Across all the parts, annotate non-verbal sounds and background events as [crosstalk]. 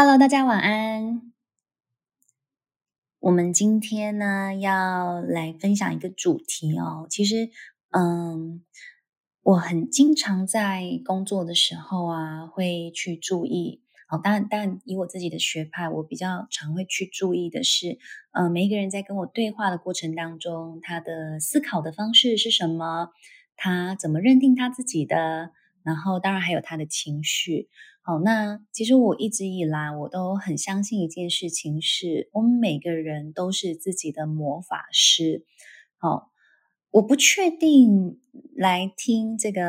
Hello，大家晚安。我們今天呢要來分享一個主題哦。其實，嗯，我很經常在工作的時候啊，會去注意。哦，但但以我自己的學派，我比較常會去注意的是，呃、嗯，每一個人在跟我對話的過程當中，他的思考的方式是什麼？他怎麼認定他自己的？然後，當然還有他的情緒。好，那其實我一直以來我都很相信一件事情是，是我們每個人都是自己的魔法師。好，我不確定來聽這個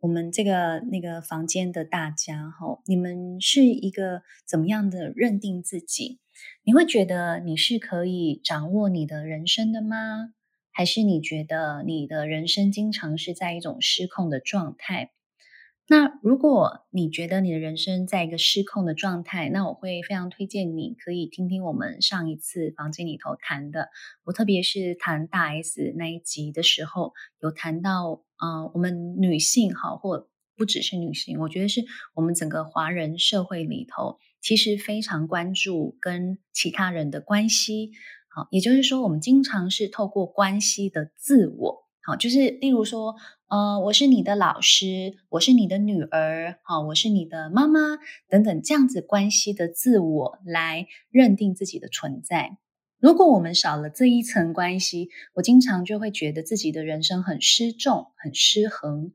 我們這個那個房間的大家哈，你們是一個怎麼樣的認定自己？你會覺得你是可以掌握你的人生的嗎？還是你覺得你的人生經常是在一種失控的狀態？那如果你覺得你的人生在一個失控的狀態，那我會非常推薦你可以聽聽我們上一次房間裡頭談的，我特別是談大 S 那一集的時候，有談到啊、呃，我們女性好，或不只是女性，我覺得是我們整個華人社會裡頭，其實非常關注跟其他人的關係。也就是說，我們經常是透過關係的自我，好，就是例如說，呃，我是你的老師，我是你的女兒，好，我是你的媽媽等等，這樣子關係的自我來認定自己的存在。如果我們少了這一層關係，我經常就會覺得自己的人生很失重、很失衡。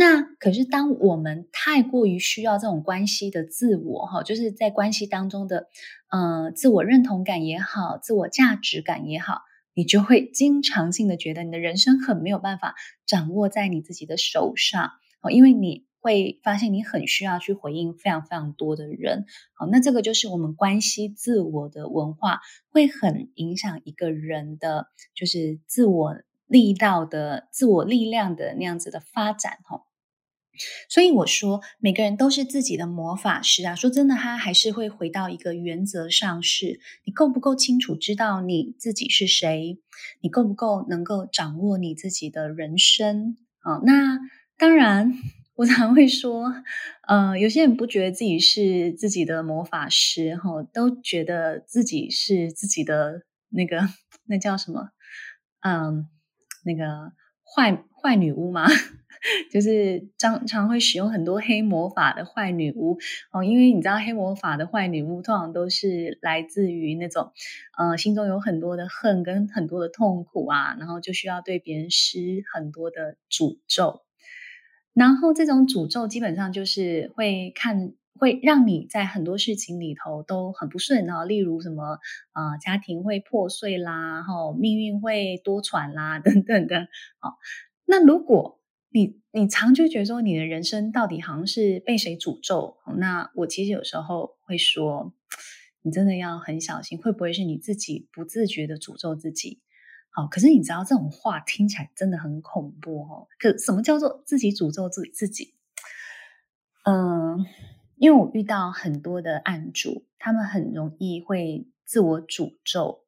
那可是，當我們太過於需要這種關係的自我哈，就是在關係當中的，呃，自我認同感也好，自我價值感也好，你就會經常性的覺得你的人生很沒有辦法掌握在你自己的手上哦，因為你會發現你很需要去回應非常非常多的人哦，那這個就是我們關係自我的文化會很影響一個人的，就是自我力道的、自我力量的那樣子的發展哦。所以我說，每個人都是自己的魔法師啊！說真的，他還是會回到一個原則上是，是你夠不夠清楚知道你自己是誰，你夠不夠能夠掌握你自己的人生啊？那當然，我常會說，呃，有些人不覺得自己是自己的魔法師哈，都覺得自己是自己的那個那叫什麼？嗯，那個壞。壞女巫嘛，就是常常會使用很多黑魔法的壞女巫哦。因為你知道，黑魔法的壞女巫通常都是來自於那種，呃，心中有很多的恨跟很多的痛苦啊，然後就需要對別人施很多的詛咒。然後這種詛咒基本上就是會看，會讓你在很多事情裡頭都很不順啊。例如什麼，啊、呃，家庭會破碎啦，然後命運會多舛啦，等等的，哦。那如果你你常就覺得說你的人生到底好像是被誰詛咒，那我其實有時候會說，你真的要很小心，會不會是你自己不自覺的詛咒自己？好、哦，可是你知道這種話聽起來真的很恐怖哦。可什麼叫做自己詛咒自自己？嗯，因為我遇到很多的案主，他們很容易會自我詛咒，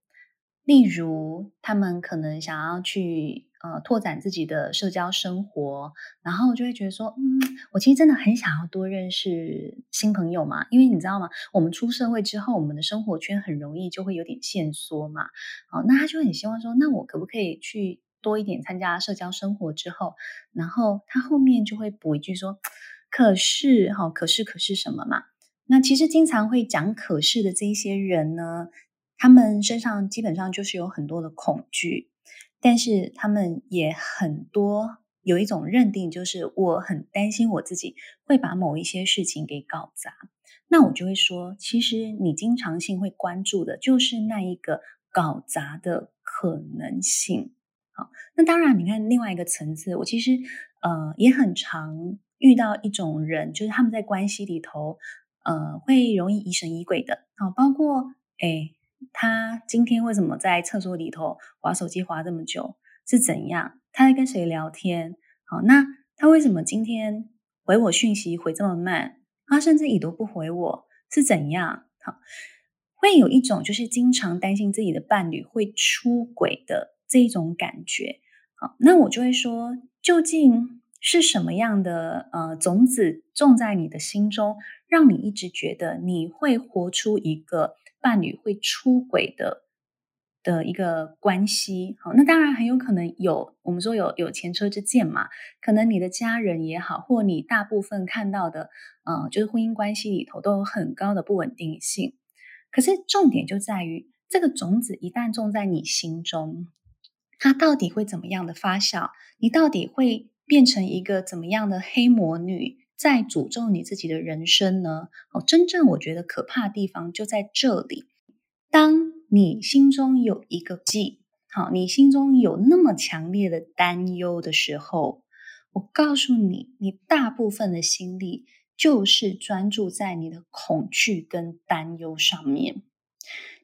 例如他們可能想要去。呃，拓展自己的社交生活，然後就會覺得說，嗯，我其實真的很想要多認識新朋友嘛，因為你知道嗎？我們出社會之後，我們的生活圈很容易就會有點限縮嘛。哦，那他就很希望說，那我可不可以去多一點參加社交生活之後，然後他後面就會補一句說，可是哈，哦，可是可是什麼嘛？那其實經常會講“可是”的這一些人呢，他們身上基本上就是有很多的恐懼。但是他們也很多有一種認定，就是我很擔心我自己會把某一些事情給搞砸，那我就會說，其實你經常性會關注的就是那一個搞砸的可能性。好，那當然，你看另外一個層次，我其實呃也很常遇到一種人，就是他們在關係裡頭呃會容易疑神疑鬼的，好，包括誒他今天為什麼在廁所裡頭滑手機滑這麼久？是怎樣？他在跟誰聊天？好，那他為什麼今天回我訊息回這麼慢？他甚至已讀都不回我，是怎樣？好，會有一種就是經常擔心自己的伴侶會出軌的這一種感覺。好，那我就會說，究竟是什麼樣的呃種子種在你的心中，讓你一直覺得你會活出一個伴侶會出軌的的一個關係，好，那當然很有可能有，我們說有有前車之鑑嘛，可能你的家人也好，或你大部分看到的，呃，就是婚姻關係裡頭都有很高的不穩定性。可是重點就在於，這個種子一旦種在你心中，它到底會怎麼樣的發酵？你到底會變成一個怎麼樣的黑魔女？在詛咒你自己的人生呢？哦，真正我覺得可怕的地方就在這裡。當你心中有一個記，好，你心中有那麼強烈的擔憂的時候，我告訴你，你大部分的心力就是專注在你的恐懼跟擔憂上面，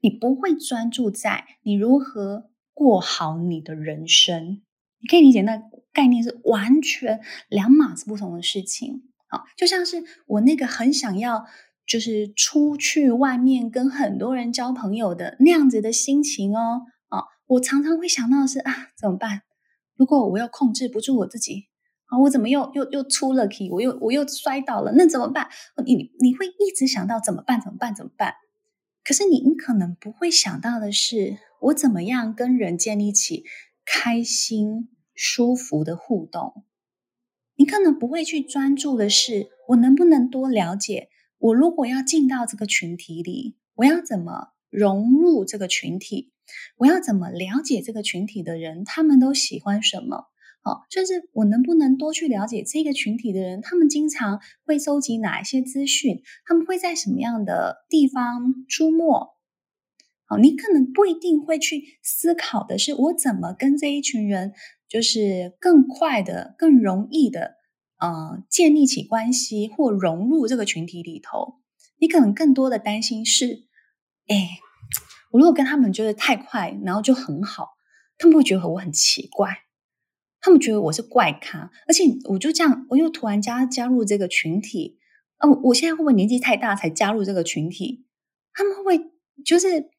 你不會專注在你如何過好你的人生。你可以理解那概念是完全兩碼子不同的事情。就像是我那個很想要就是出去外面跟很多人交朋友的那樣子的心情哦，啊、哦，我常常會想到的是啊，怎麼辦？如果我要控制不住我自己，啊，我怎麼又又又出了 key，我又我又摔倒了，那怎麼辦？你你會一直想到怎麼辦？怎麼辦？怎麼辦？可是你你可能不會想到的是，我怎麼樣跟人建立起開心舒服的互動？你可能不會去專注的是，我能不能多了解？我如果要進到這個群體裡，我要怎麼融入這個群體？我要怎麼了解這個群體的人？他們都喜歡什麼？好，甚至我能不能多去了解這個群體的人？他們經常會收集哪一些資訊？他們會在什麼樣的地方出沒？好，你可能不一定會去思考的是，我怎麼跟這一群人？就是更快的、更容易的，呃，建立起關係或融入這個群體裡頭，你可能更多的擔心是：哎，我如果跟他們就是太快，然後就很好，他們會覺得我很奇怪，他們覺得我是怪咖，而且我就這樣，我又突然加加入這個群體，哦、呃，我現在會不會年紀太大才加入這個群體？他們會不會就是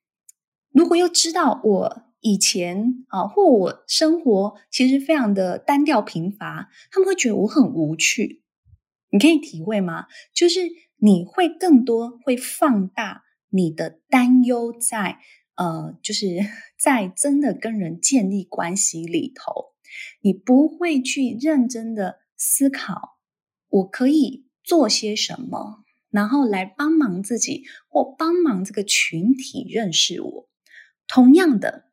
如果又知道我以前啊，或我生活其實非常的單調貧乏，他們會覺得我很無趣。你可以體會嗎？就是你會更多會放大你的擔憂在，在呃，就是在真的跟人建立關係裡頭，你不會去認真的思考，我可以做些什麼，然後來幫忙自己或幫忙這個群體認識我。同樣的。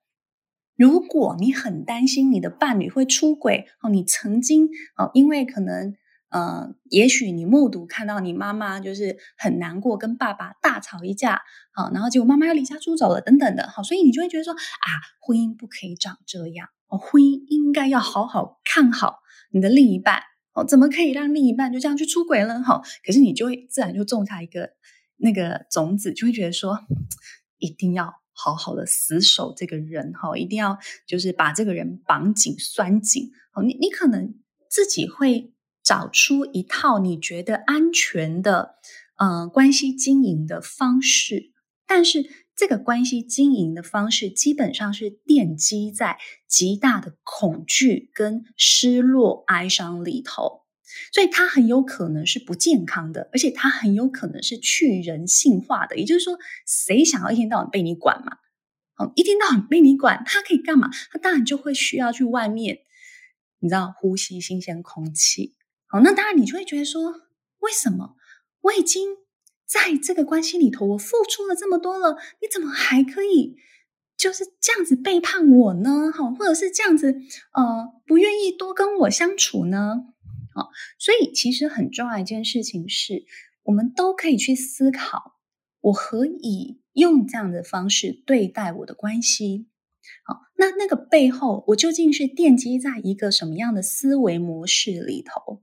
如果你很擔心你的伴侶會出軌哦，你曾經哦，因為可能呃，也許你目睹看到你媽媽就是很難過，跟爸爸大吵一架啊，然後結果媽媽要離家出走了等等的哈，所以你就會覺得說啊，婚姻不可以長這樣哦，婚姻應該要好好看好你的另一半哦，怎麼可以讓另一半就這樣去出軌了？好，可是你就會自然就種下一個那個種子，就會覺得說一定要。好好的死守這個人哈，一定要就是把這個人綁緊、拴緊。你你可能自己會找出一套你覺得安全的，呃，關係經營的方式，但是這個關係經營的方式基本上是奠基在極大的恐懼跟失落、哀傷裡頭。所以他很有可能是不健康的，而且他很有可能是去人性化的。也就是說，誰想要一天到晚被你管嘛？一天到晚被你管，他可以幹嘛？他當然就會需要去外面，你知道，呼吸新鮮空氣。好，那當然你就會覺得說，為什麼我已經在這個關係裡頭，我付出了這麼多了，你怎麼還可以就是這樣子背叛我呢？或者是這樣子，呃，不願意多跟我相處呢？啊、哦，所以其實很重要一件事情是，我們都可以去思考，我何以用這樣的方式對待我的關係？好、哦，那那個背後，我究竟是奠基在一個什麼樣的思維模式裡頭？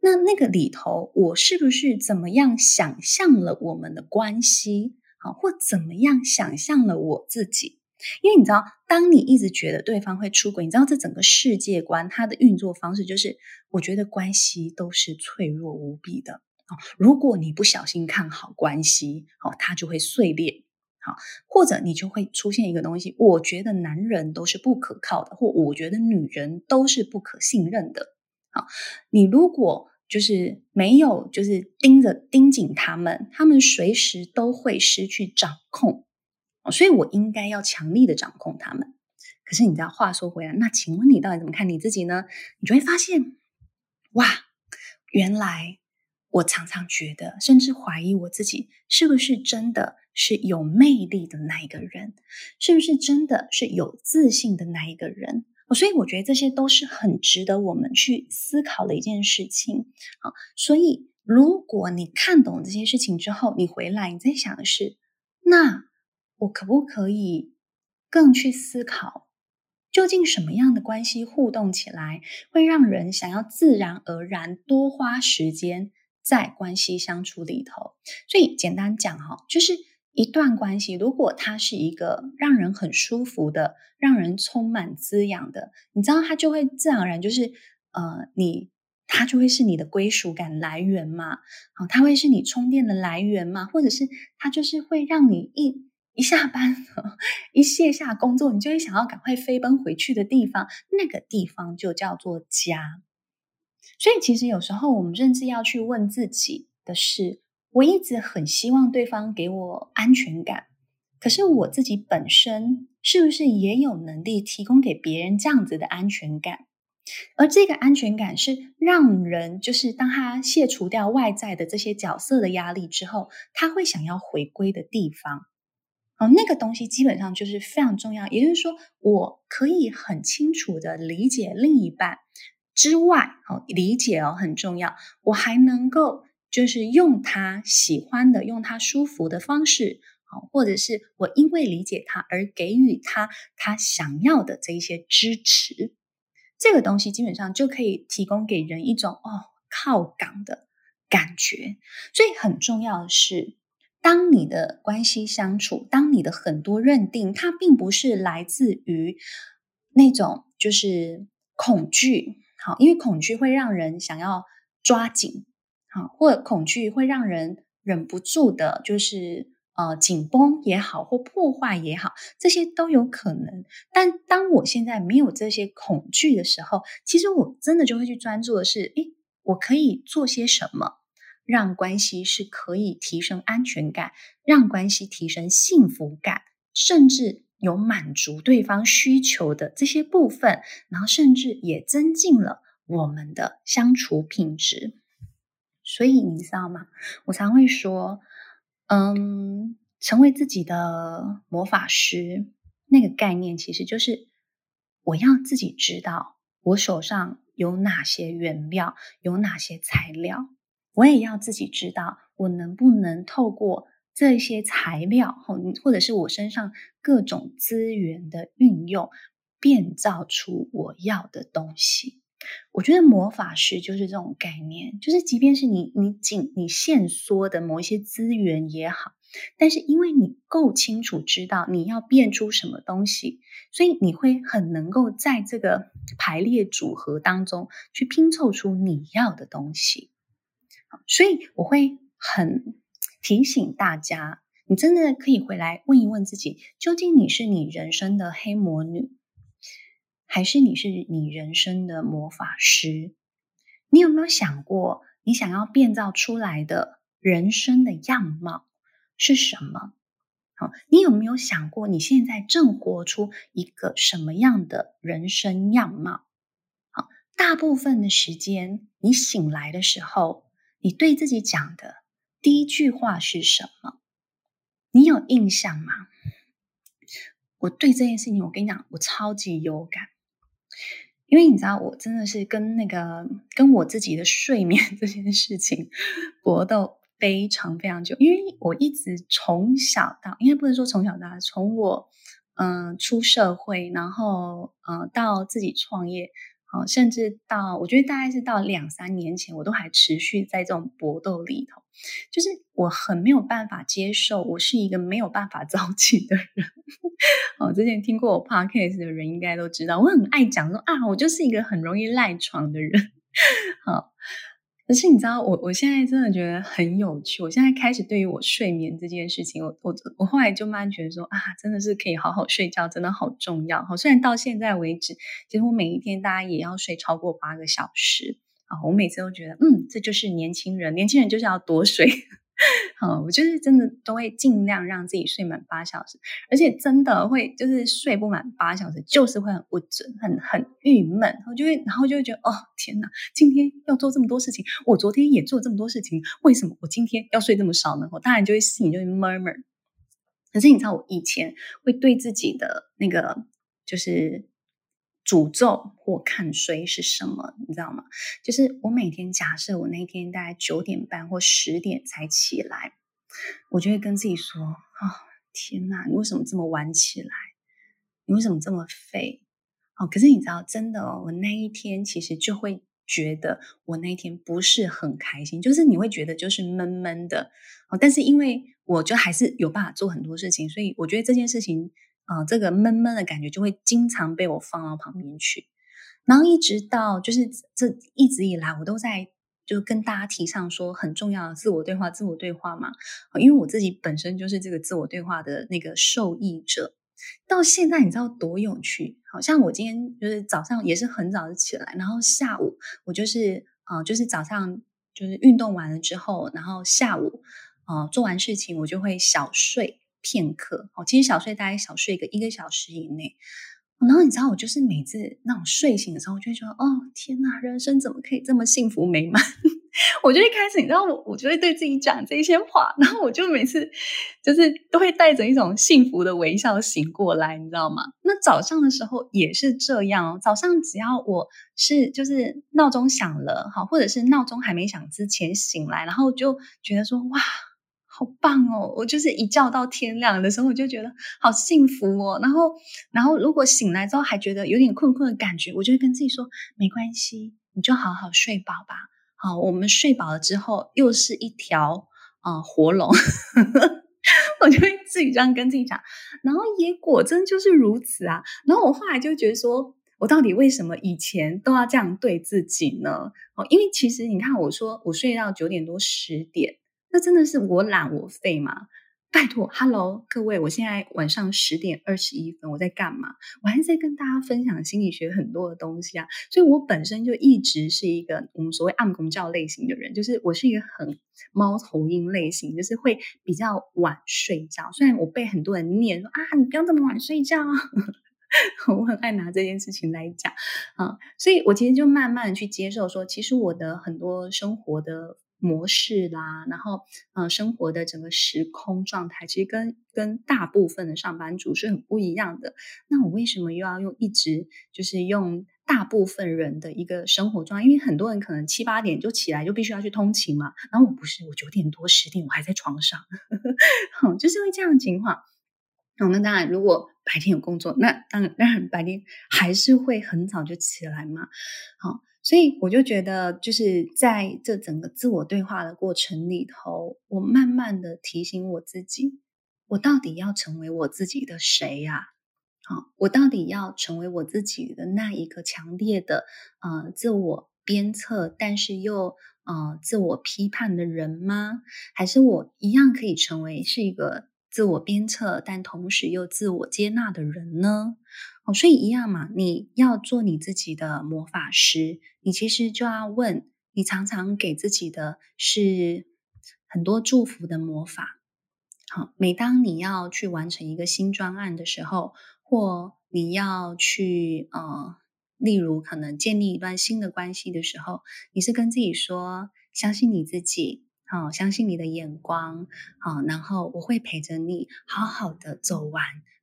那那個裡頭，我是不是怎麼樣想象了我們的關係？好、哦，或怎麼樣想象了我自己？因為你知道，當你一直覺得對方會出軌，你知道這整個世界觀它的運作方式就是，我覺得關係都是脆弱無比的。哦，如果你不小心看好關係，哦，它就會碎裂，好，哦，或者你就會出現一個東西，我覺得男人都是不可靠的，或我覺得女人都是不可信任的。好，哦，你如果就是沒有就是盯着盯緊他們，他們隨時都會失去掌控。所以，我應該要強力的掌控他們。可是，你知道，話說回來，那請問你到底怎麼看你自己呢？你就會發現，哇，原來我常常覺得，甚至懷疑我自己是不是真的是有魅力的那一個人，是不是真的是有自信的那一個人？所以，我覺得這些都是很值得我們去思考的一件事情。好，所以如果你看懂這些事情之後，你回來，你在想的是那。我可不可以更去思考，究竟什麼樣的關係互動起來會讓人想要自然而然多花時間在關係相處裡頭？所以簡單講哈、哦，就是一段關係，如果它是一個讓人很舒服的、讓人充滿滋養的，你知道，它就會自然而然就是呃，你它就會是你的歸屬感來源嘛，好，它會是你充電的來源嘛，或者是它就是會讓你一。一下班，一卸下工作，你就會想要趕快飛奔回去的地方。那個地方就叫做家。所以，其實有時候我們甚至要去問自己的是：我一直很希望對方給我安全感，可是我自己本身是不是也有能力提供給別人這樣子的安全感？而這個安全感是讓人，就是當他卸除掉外在的這些角色的壓力之後，他會想要回歸的地方。哦，那個東西基本上就是非常重要，也就是說，我可以很清楚的理解另一半之外，哦，理解哦很重要，我還能夠就是用他喜歡的、用他舒服的方式，哦，或者是我因為理解他而給予他他想要的這一些支持，這個東西基本上就可以提供給人一種哦靠港的感覺，所以很重要的是。當你的關係相處，當你的很多認定，它並不是來自於那種就是恐懼，好，因為恐懼會讓人想要抓緊，好，或者恐懼會讓人忍不住的，就是呃緊繃也好，或破壞也好，這些都有可能。但當我現在沒有這些恐懼的時候，其實我真的就會去專注的是，誒，我可以做些什麼？讓關係是可以提升安全感，讓關係提升幸福感，甚至有滿足對方需求的這些部分，然後甚至也增進了我們的相處品質。所以你知道嗎？我常會說，嗯，成為自己的魔法師那個概念，其實就是我要自己知道我手上有哪些原料，有哪些材料。我也要自己知道，我能不能透過這些材料，吼，或者是我身上各種資源的運用，變造出我要的東西。我覺得魔法師就是這種概念，就是即便是你，你僅你限縮的某一些資源也好，但是因為你夠清楚知道你要變出什麼東西，所以你會很能夠在這個排列組合當中去拼湊出你要的東西。所以我會很提醒大家，你真的可以回來問一問自己，究竟你是你人生的黑魔女，還是你是你人生的魔法師？你有沒有想過，你想要變造出來的人生的樣貌是什麼？好，你有沒有想過，你現在正活出一個什麼樣的人生樣貌？好，大部分的時間，你醒來的時候。你對自己講的第一句話是什麼？你有印象嗎？我對這件事情，我跟你講，我超級有感，因為你知道，我真的是跟那個跟我自己的睡眠這件事情搏鬥非常非常久，因為我一直從小到，應該不能說從小到大，從我嗯、呃、出社會，然後嗯、呃、到自己創業。甚至到我覺得大概是到兩三年前，我都還持續在這種搏鬥裡頭，就是我很沒有辦法接受，我是一個沒有辦法早起的人。哦， [laughs] 之前聽過我 podcast 的人應該都知道，我很愛講說啊，我就是一個很容易賴床的人。 [laughs] 好。可是你知道我，我現在真的覺得很有趣。我現在開始對於我睡眠這件事情，我我我後來就慢慢覺得說啊，真的是可以好好睡覺，真的好重要。好，雖然到現在為止，幾乎每一天大家也要睡超過八個小時啊，我每次都覺得嗯，這就是年輕人，年輕人就是要多睡。好，我就是真的都會盡量讓自己睡滿八小時，而且真的會就是睡不滿八小時，就是會很不準，很很鬱悶。然後就會，然後就會覺得，哦，天吶，今天要做這麼多事情，我昨天也做這麼多事情，為什麼我今天要睡這麼少呢？我當然就會心裡就會 murmur。可是你知道，我以前會對自己的那個就是。詛咒或看衰是什麼？你知道嗎？就是我每天，假設我那一天大概九點半或十點才起來，我就會跟自己說：“哦，天哪，你為什麼這麼晚起來？你為什麼這麼廢？”哦，可是你知道，真的哦，我那一天其實就會覺得我那一天不是很開心，就是你會覺得就是悶悶的哦。但是因為我就還是有辦法做很多事情，所以我覺得這件事情。啊、呃，這個悶悶的感覺就會經常被我放到旁邊去，然後一直到就是這一直以來我都在就跟大家提倡說很重要的自我對話，自我對話嘛，因為我自己本身就是這個自我對話的那個受益者。到現在你知道多有趣？好像我今天就是早上也是很早就起來，然後下午我就是啊、呃，就是早上就是運動完了之後，然後下午啊、呃，做完事情我就會小睡。片刻哦，其實小睡大概小睡一個一個小時以內。然後你知道，我就是每次那種睡醒的時候，我就會覺得：“哦，天吶，人生怎麼可以這麼幸福美滿？” [laughs] 我就一開始，你知道，我，我就會對自己講這些話。然後我就每次就是都會帶着一種幸福的微笑醒過來，你知道嗎？那早上的時候也是這樣、哦。早上只要我是就是鬧鐘響了，或者是鬧鐘還沒響之前醒來，然後就覺得說：“哇。”好棒哦！我就是一覺到天亮的時候，我就覺得好幸福哦。然後，然後如果醒來之後還覺得有點困困的感覺，我就會跟自己說：沒關係，你就好好睡飽吧。好，我們睡飽了之後，又是一條啊、呃、活龍。 [laughs] 我就會自己這樣跟自己講。然後也果真就是如此啊。然後我後來就覺得說，我到底為什麼以前都要這樣對自己呢？哦，因為其實你看，我說我睡到九點多十點。那真的是我懶我廢嗎？拜托，Hello，各位，我現在晚上十點二十一分，我在幹嘛？我還在跟大家分享心理學很多的東西啊。所以，我本身就一直是一個我們所謂暗光鳥類型的人，就是我是一個很貓頭鷹類型，就是會比較晚睡覺。雖然我被很多人念說啊，你不要這麼晚睡覺， [laughs] 我很愛拿這件事情來講啊，嗯。所以我其實就慢慢去接受說，說其實我的很多生活的。模式啦，然後，嗯，呃，生活的整個時空狀態其實跟跟大部分的上班族是很不一樣的。那我為什麼又要用一直就是用大部分人的一個生活狀態？因為很多人可能七八點就起來，就必須要去通勤嘛。然後我不是，我九點多十點我還在床上， [laughs] 好，就是因為這樣的情況。哦，那當然，如果白天有工作，那當然，當然白天還是會很早就起來嘛。好。所以我就覺得，就是在這整個自我對話的過程裡頭，我慢慢的提醒我自己，我到底要成為我自己的誰呀？好，我到底要成為我自己的那一個強烈的呃自我鞭策，但是又呃自我批判的人嗎？還是我一樣可以成為是一個自我鞭策，但同時又自我接納的人呢？哦，所以一樣嘛，你要做你自己的魔法師，你其實就要問，你常常給自己的是很多祝福的魔法。好，每當你要去完成一個新專案的時候，或你要去呃，例如可能建立一段新的關係的時候，你是跟自己說：相信你自己，好，相信你的眼光，好，然後我會陪着你，好好的走完。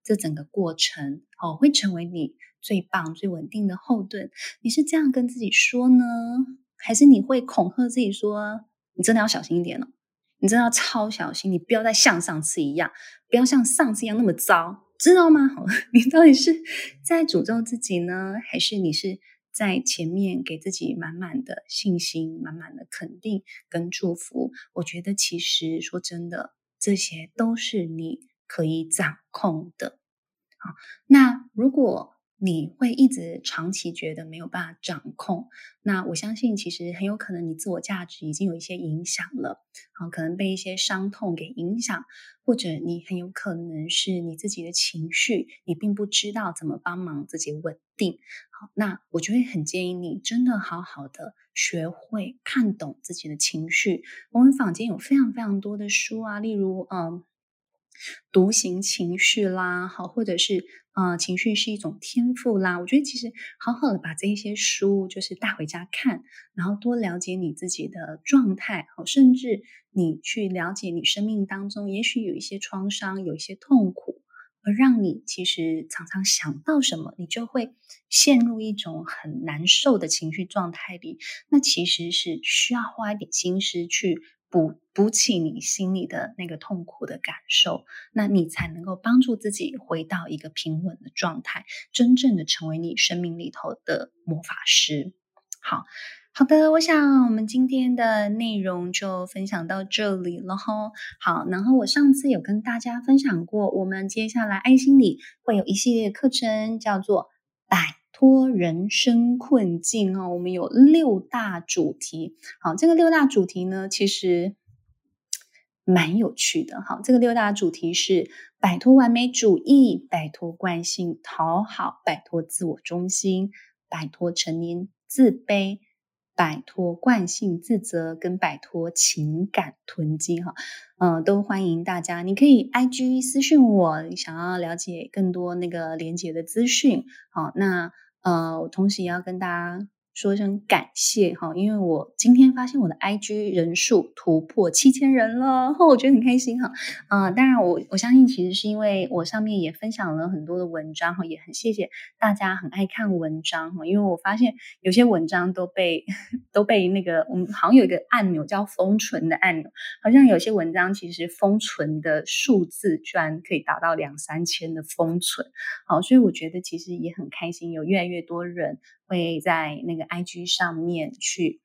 這整個過程哦，會成為你最棒、最穩定的後盾。你是這樣跟自己說呢？還是你會恐嚇自己說：“你真的要小心一點哦，你真的要超小心，你不要再像上次一樣，不要像上次一樣那麼糟，知道嗎？”你到底是在詛咒自己呢？還是你是在前面給自己滿滿的信心、滿滿的肯定跟祝福？我覺得，其實說真的，這些都是你可以掌控的。好，那如果你會一直長期覺得沒有辦法掌控，那我相信其實很有可能你自我價值已經有一些影響了，好，可能被一些傷痛給影響，或者你很有可能是你自己的情緒，你並不知道怎麼幫忙自己穩定。好，那我就會很建議你真的好好的學會看懂自己的情緒。我們坊間有非常非常多的書啊，例如，嗯。獨行情緒啦，好，或者是啊、呃，情緒是一種天賦啦。我覺得其實好好的把這些書就是帶回家看，然後多了解你自己的狀態，好，甚至你去了解你生命當中也許有一些創傷，有一些痛苦，而讓你其實常常想到什麼，你就會陷入一種很難受的情緒狀態裡。那其實是需要花一點心思去。補補起你心裡的那個痛苦的感受，那你才能夠幫助自己回到一個平穩的狀態，真正的成為你生命裡頭的魔法師。好好的，我想我們今天的內容就分享到這裡了哈。好，然後我上次有跟大家分享過，我們接下來愛心理會有一系列課程，叫做「擺。擺脫人生困境啊、哦，我們有六大主題。好，這個六大主題呢，其實蠻有趣的。好，這個六大主題是：擺脫完美主義，擺脫慣性討好，擺脫自我中心，擺脫陳年自卑，擺脫慣性自責，跟擺脫情感囤積。哈，嗯、呃，都歡迎大家，你可以 IG 私訊我，想要了解更多那個連結的資訊。好，那。呃，我同時也要跟大家，說一聲感謝哈，因為我今天發現我的 IG 人數突破七千人了，我覺得很開心哈。啊，當然我我相信其實是因為我上面也分享了很多的文章哈，也很謝謝大家很愛看文章哈，因為我發現有些文章都被都被那個我們好像有一個按鈕叫封存的按鈕，好像有些文章其實封存的數字居然可以達到兩三千的封存，好，所以我覺得其實也很開心，有越來越多人。會在那個 IG 上面去，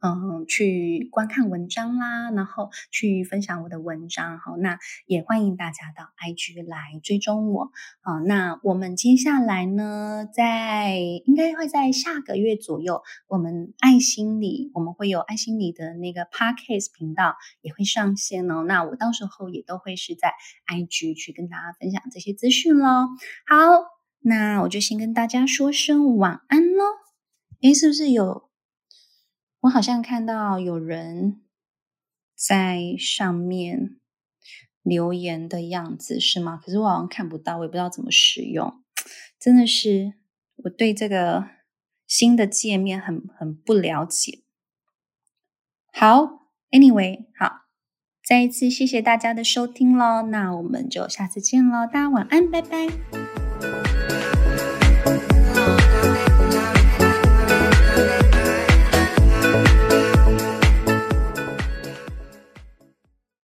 嗯，去觀看文章啦，然後去分享我的文章。好，那也歡迎大家到 IG 來追蹤我。好，那我們接下來呢，在應該會在下個月左右，我們愛心理，我們會有愛心理的那個 Podcast 頻道也會上線哦。那我到時候也都會是在 IG 去跟大家分享這些資訊嘍。好。那我就先跟大家說聲晚安咯。誒、哎、是不是有？我好像看到有人在上面留言的樣子，是嗎？可是我好像看不到，我也不知道怎麼使用。真的是我對這個新的界面很很不了解。好，Anyway，好，再一次謝謝大家的收聽咯，那我們就下次見咯，大家晚安，拜拜。